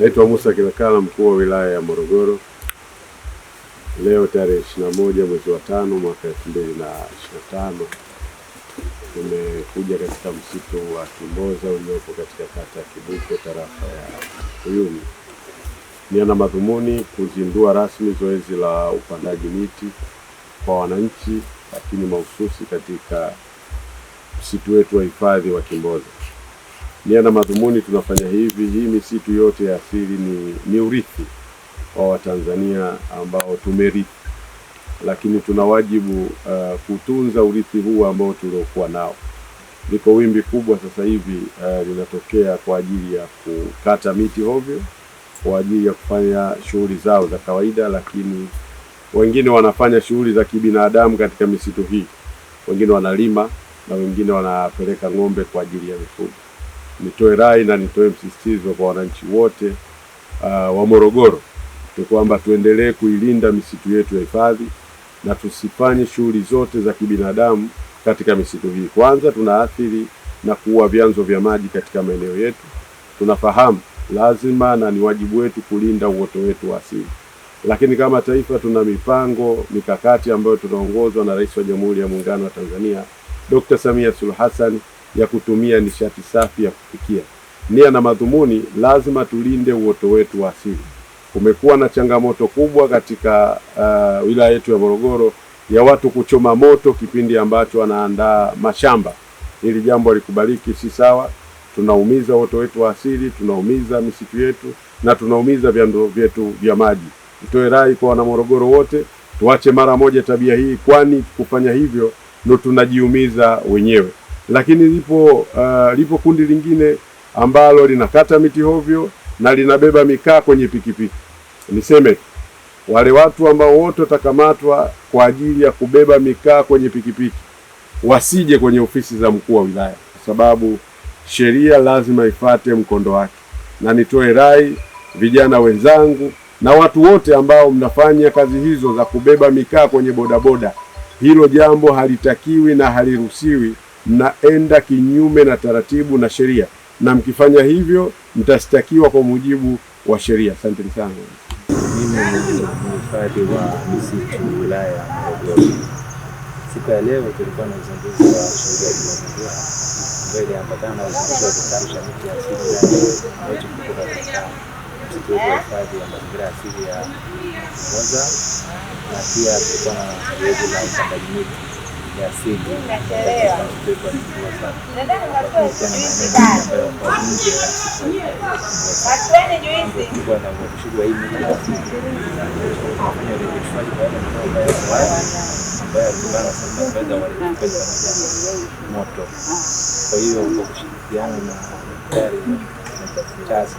Naitwa Musa Kilakala, mkuu wa wilaya ya Morogoro. Leo tarehe ishirini na moja mwezi wa tano mwaka elfu mbili na ishirini na tano tumekuja katika msitu wa Kimboza uliopo katika kata ya Kibuko, tarafa ya Uyumi. Nia na madhumuni kuzindua rasmi zoezi la upandaji miti kwa wananchi, lakini mahususi katika msitu wetu wa hifadhi wa Kimboza nia na madhumuni tunafanya hivi. Hii misitu yote ya asili ni, ni urithi wa Watanzania ambao tumerithi, lakini tuna wajibu uh, kutunza urithi huu ambao tuliokuwa nao. Liko wimbi kubwa sasa hivi uh, linatokea kwa ajili ya kukata miti hovyo kwa ajili ya kufanya shughuli zao za kawaida, lakini wengine wanafanya shughuli za kibinadamu katika misitu hii, wengine wanalima na wengine wanapeleka ng'ombe kwa ajili ya mifugo nitoe rai na nitoe msisitizo kwa wananchi wote uh, wa Morogoro ni kwamba tuendelee kuilinda misitu yetu ya hifadhi na tusifanye shughuli zote za kibinadamu katika misitu hii. Kwanza tunaathiri na kuua vyanzo vya maji katika maeneo yetu. Tunafahamu lazima na ni wajibu wetu kulinda uoto wetu wa asili, lakini kama taifa tuna mipango mikakati ambayo tunaongozwa na Rais wa Jamhuri ya Muungano wa Tanzania Dr. Samia Suluhu Hassan ya kutumia nishati safi ya kupikia. Nia na madhumuni, lazima tulinde uoto wetu wa asili. Kumekuwa na changamoto kubwa katika uh, wilaya yetu ya Morogoro ya watu kuchoma moto kipindi ambacho wanaandaa mashamba. Hili jambo halikubaliki, si sawa. Tunaumiza uoto wetu wa asili, tunaumiza misitu yetu na tunaumiza vyanzo vyetu vya maji. Nitoe rai kwa wanamorogoro wote, tuache mara moja tabia hii, kwani kufanya hivyo ndo tunajiumiza wenyewe lakini lipo uh, lipo kundi lingine ambalo linakata miti hovyo na linabeba mikaa kwenye pikipiki. Niseme wale watu ambao wote watakamatwa kwa ajili ya kubeba mikaa kwenye pikipiki wasije kwenye ofisi za mkuu wa wilaya, kwa sababu sheria lazima ifate mkondo wake, na nitoe rai vijana wenzangu na watu wote ambao mnafanya kazi hizo za kubeba mikaa kwenye bodaboda, hilo jambo halitakiwi na haliruhusiwi naenda kinyume na taratibu na sheria, na mkifanya hivyo mtashtakiwa kwa mujibu wa sheria. Asanteni sana. Mimi ni mhifadhi wa misitu wilaya ya Morogoro. Siku ya leo tulikuwa na uzinduzi wa sheria ya mazingira ambayo iliambatana na uzinduzi wa kitabu cha miti ya asili ambacho kilitoka katika msitu wa hifadhi ya mazingira asili ya Moza, na pia tulikuwa na zoezi la upandaji miti ya asili moto. Kwa hiyo kwa kushirikiana na serikali na taasisi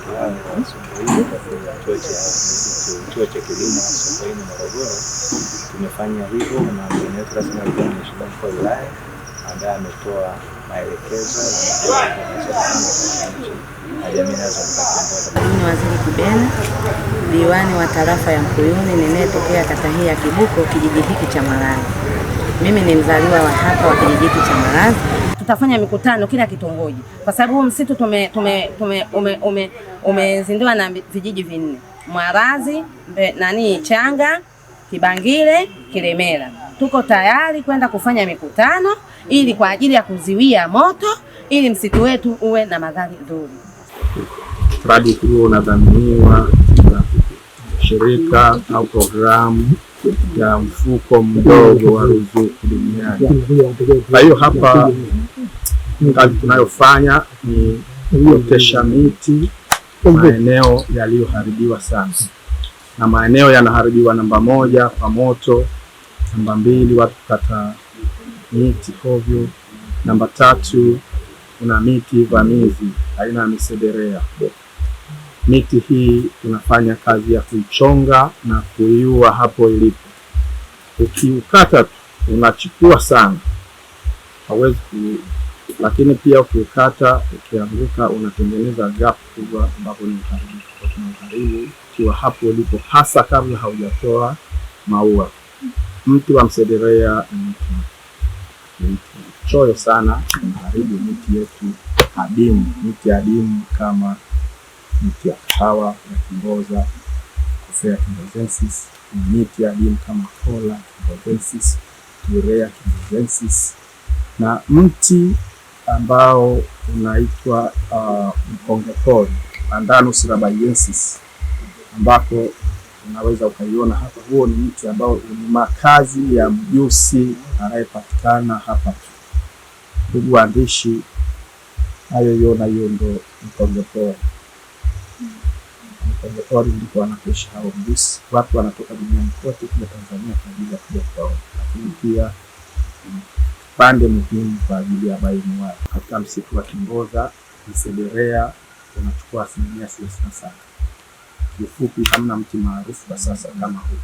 ya cha kituo cha Kilimo Sokoine Morogoro tumefanya hivyo, na mgeni wetu rasmi alikuwa ni Mheshimiwa Mkuu wa Wilaya ambaye ametoa maelekezo na jamii ni Waziri Kibena, diwani wa tarafa ya Mkuyuni ninayetokea kata hii ya Kibuko, kijiji hiki cha Malazi. Mimi ni mzaliwa wa hapa wa kijiji hiki cha Malazi. Tutafanya mikutano kila kitongoji, kwa sababu huu msitu ume na vijiji vinne Mwarazi, nani Changa, Kibangile, Kilemela. Tuko tayari kwenda kufanya mikutano ili kwa ajili ya kuziwia moto ili msitu wetu uwe na madhari nzuri. Mradi huo unadhaminiwa na shirika au programu ya mfuko mdogo wa ruzuku duniani. Kwa hiyo hapa kazi tunayofanya ni kuotesha miti maeneo yaliyoharibiwa sana, na maeneo yanaharibiwa namba moja kwa moto, namba mbili watu kukata miti hovyo, namba tatu kuna miti vamizi aina ya misederea. Miti hii unafanya kazi ya kuichonga na kuiua hapo ilipo. Ukiukata tu unachukua sana, hauwezi ku lakini pia ukikata ukianguka, unatengeneza gap kubwa ambapo ni ukaribu tofauti ukiwa hapo ulipo, hasa kabla haujatoa maua. Mti wa msederea choyo sana, unaharibu miti yetu adimu, miti adimu kama miti ya kahawa ya Kimboza Coffea Kimbozensis, miti adimu kama Kola Kimbozensis, Turea Kimbozensis na mti ambao unaitwa uh, mkongopori andano rabaiensis ambako unaweza ukaiona hapa. Huo ni mti ambao ni makazi ya mjusi anayepatikana hapa. Ndugu waandishi, hayo yona hiyo ndo mkongopori. Mkongopori ndipo wanakuishi hao mjusi. Watu wanatoka duniani kote kuja Tanzania kwa ajili ya kuja kuwaona, lakini pia pande muhimu kwa ajili ya baini wao. Katika msitu wa Kingoza Msederea unachukua asilimia thelathini na saba. Kifupi, hamna mti maarufu kwa sasa kama huu.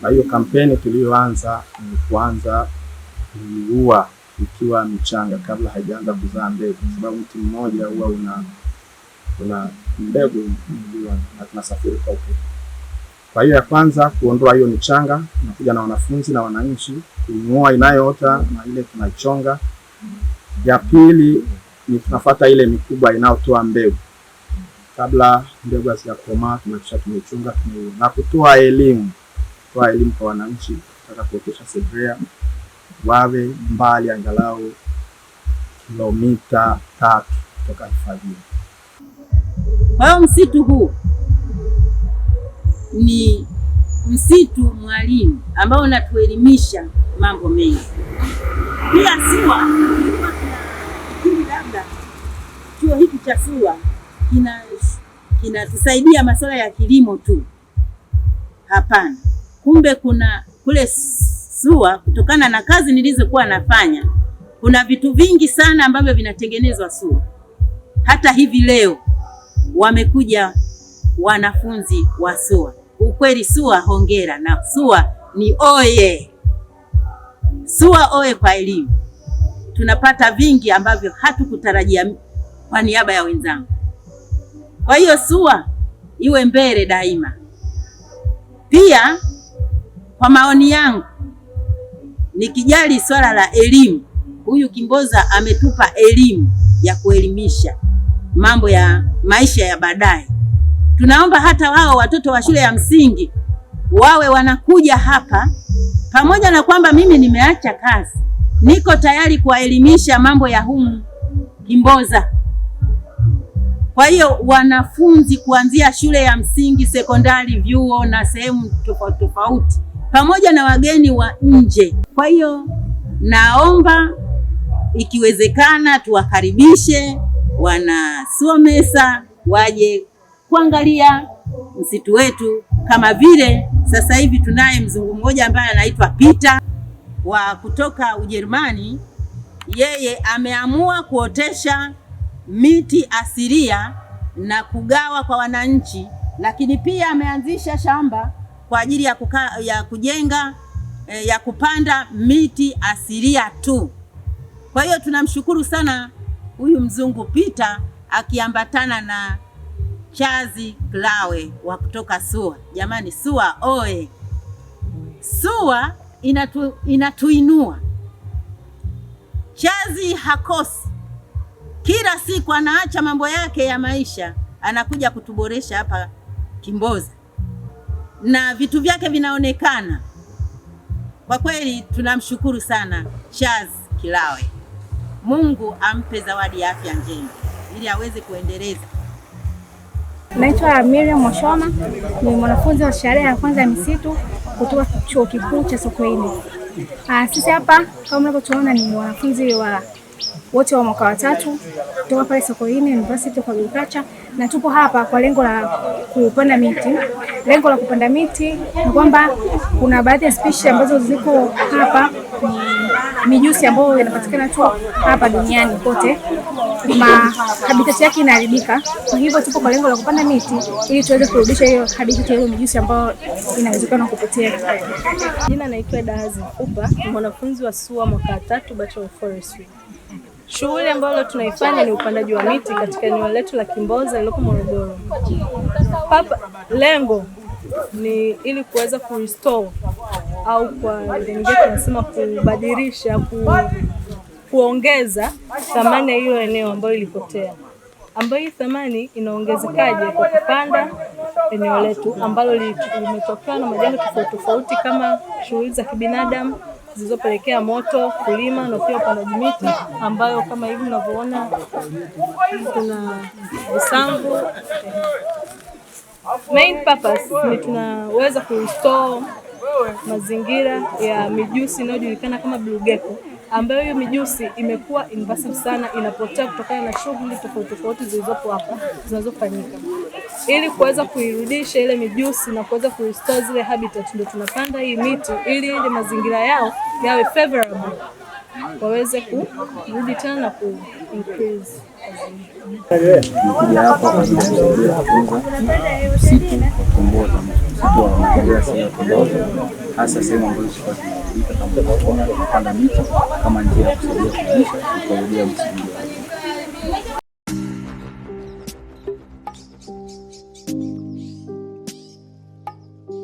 Kwa hiyo kampeni tuliyoanza ni kuanza kuua ikiwa michanga kabla haijaanza kuzaa mbegu, kwa sababu mti mmoja huwa una una mbegu na tunasafiri kwa upepo. Kwa hiyo ya kwanza kuondoa hiyo michanga, tunakuja na wanafunzi na wananchi kuing'oa inayoota na ile tunaichonga. Ya pili ni tunafuata ile mikubwa inayotoa mbegu kabla mbegu hazijakomaa, tunakisha tumechunga tume na kutoa elimu, kutoa elimu kwa wananchi kutaka kuotesha sebrea wawe mbali angalau kilomita tatu kutoka hifadhini. Kwa hiyo msitu huu ni msitu mwalimu ambao unatuelimisha mambo mengi. Pia SUA ili labda chuo hiki cha SUA kinatusaidia kina masuala ya kilimo tu, hapana. Kumbe kuna kule SUA, kutokana na kazi nilizokuwa nafanya, kuna vitu vingi sana ambavyo vinatengenezwa SUA. Hata hivi leo wamekuja wanafunzi wa SUA ukweli, SUA hongera, na SUA ni oye, SUA oye kwa elimu. Tunapata vingi ambavyo hatukutarajia kwa niaba ya wenzangu. Kwa hiyo SUA iwe mbele daima. Pia kwa maoni yangu, nikijali swala la elimu, huyu Kimboza ametupa elimu ya kuelimisha mambo ya maisha ya baadaye Tunaomba hata wao watoto wa shule ya msingi wawe wanakuja hapa, pamoja na kwamba mimi nimeacha kazi, niko tayari kuwaelimisha mambo ya humu Kimboza. Kwa hiyo wanafunzi kuanzia shule ya msingi, sekondari, vyuo na sehemu tofauti tofauti, pamoja na wageni wa nje. Kwa hiyo naomba ikiwezekana tuwakaribishe wana waje kuangalia msitu wetu, kama vile sasa hivi tunaye mzungu mmoja ambaye anaitwa Peter wa kutoka Ujerumani. Yeye ameamua kuotesha miti asilia na kugawa kwa wananchi, lakini pia ameanzisha shamba kwa ajili ya, kuka, ya kujenga eh, ya kupanda miti asilia tu. Kwa hiyo tunamshukuru sana huyu mzungu Peter akiambatana na Chazi Klawe wa kutoka SUA. Jamani, SUA oe! SUA inatu, inatuinua. Chazi hakosi, kila siku anaacha mambo yake ya maisha anakuja kutuboresha hapa Kimboza na vitu vyake vinaonekana. Kwa kweli tunamshukuru sana Chazi Kilawe. Mungu ampe zawadi ya afya njema ili aweze kuendeleza Naitwa Miriam Mwashoma, ni mwanafunzi wa shahada ya kwanza ya misitu kutoka chuo kikuu cha Sokoine. Ah, sisi hapa kama mnavyotuona ni wanafunzi wa wote wa mwaka wa tatu kutoka pale Sokoine University of Agriculture, na tupo hapa kwa lengo la kupanda miti. Lengo la kupanda miti ni kwamba kuna baadhi ya spishi ambazo ziko hapa, ni mijusi ambayo inapatikana tu hapa duniani kote, habitat yake inaharibika. Kwa hivyo tupo kwa lengo la kupanda miti ili tuweze kurudisha hiyo habitat ya mjusi ambayo inawezekana kupotea. Jina naitwa Dahazi Mkupa, ni mwanafunzi wa SUA mwaka tatu, Bachelor of Forestry. Shughuli ambayo tunaifanya ni upandaji wa miti katika eneo letu la Kimboza lililoko Morogoro. Hapa lengo ni ili kuweza kurestore au kwa tunasema kubadilisha ku kuongeza thamani ya hilo eneo ambayo ilipotea, ambayo hii thamani inaongezekaje kwa kupanda eneo letu ambalo limetokana na majanga tofauti tofauti kama shughuli za kibinadamu zilizopelekea moto, kulima na pia upandaji miti, ambayo kama hivi mnavyoona kuna visambu. Main purpose ni tunaweza kurestore mazingira ya mijusi inayojulikana kama Blue Gecko ambayo hiyo mijusi imekuwa invasive sana, inapotea kutokana na shughuli tofauti tofauti zilizopo hapa zinazofanyika. Ili kuweza kuirudisha ile mijusi na kuweza kuistore zile habitat, ndio tunapanda hii miti ili ile mazingira yao yawe favorable waweze kurudi tena na ku increase hasa sehemu ambazo zinatumika kama kama njia ya kusaidia kuisha kurudia msitu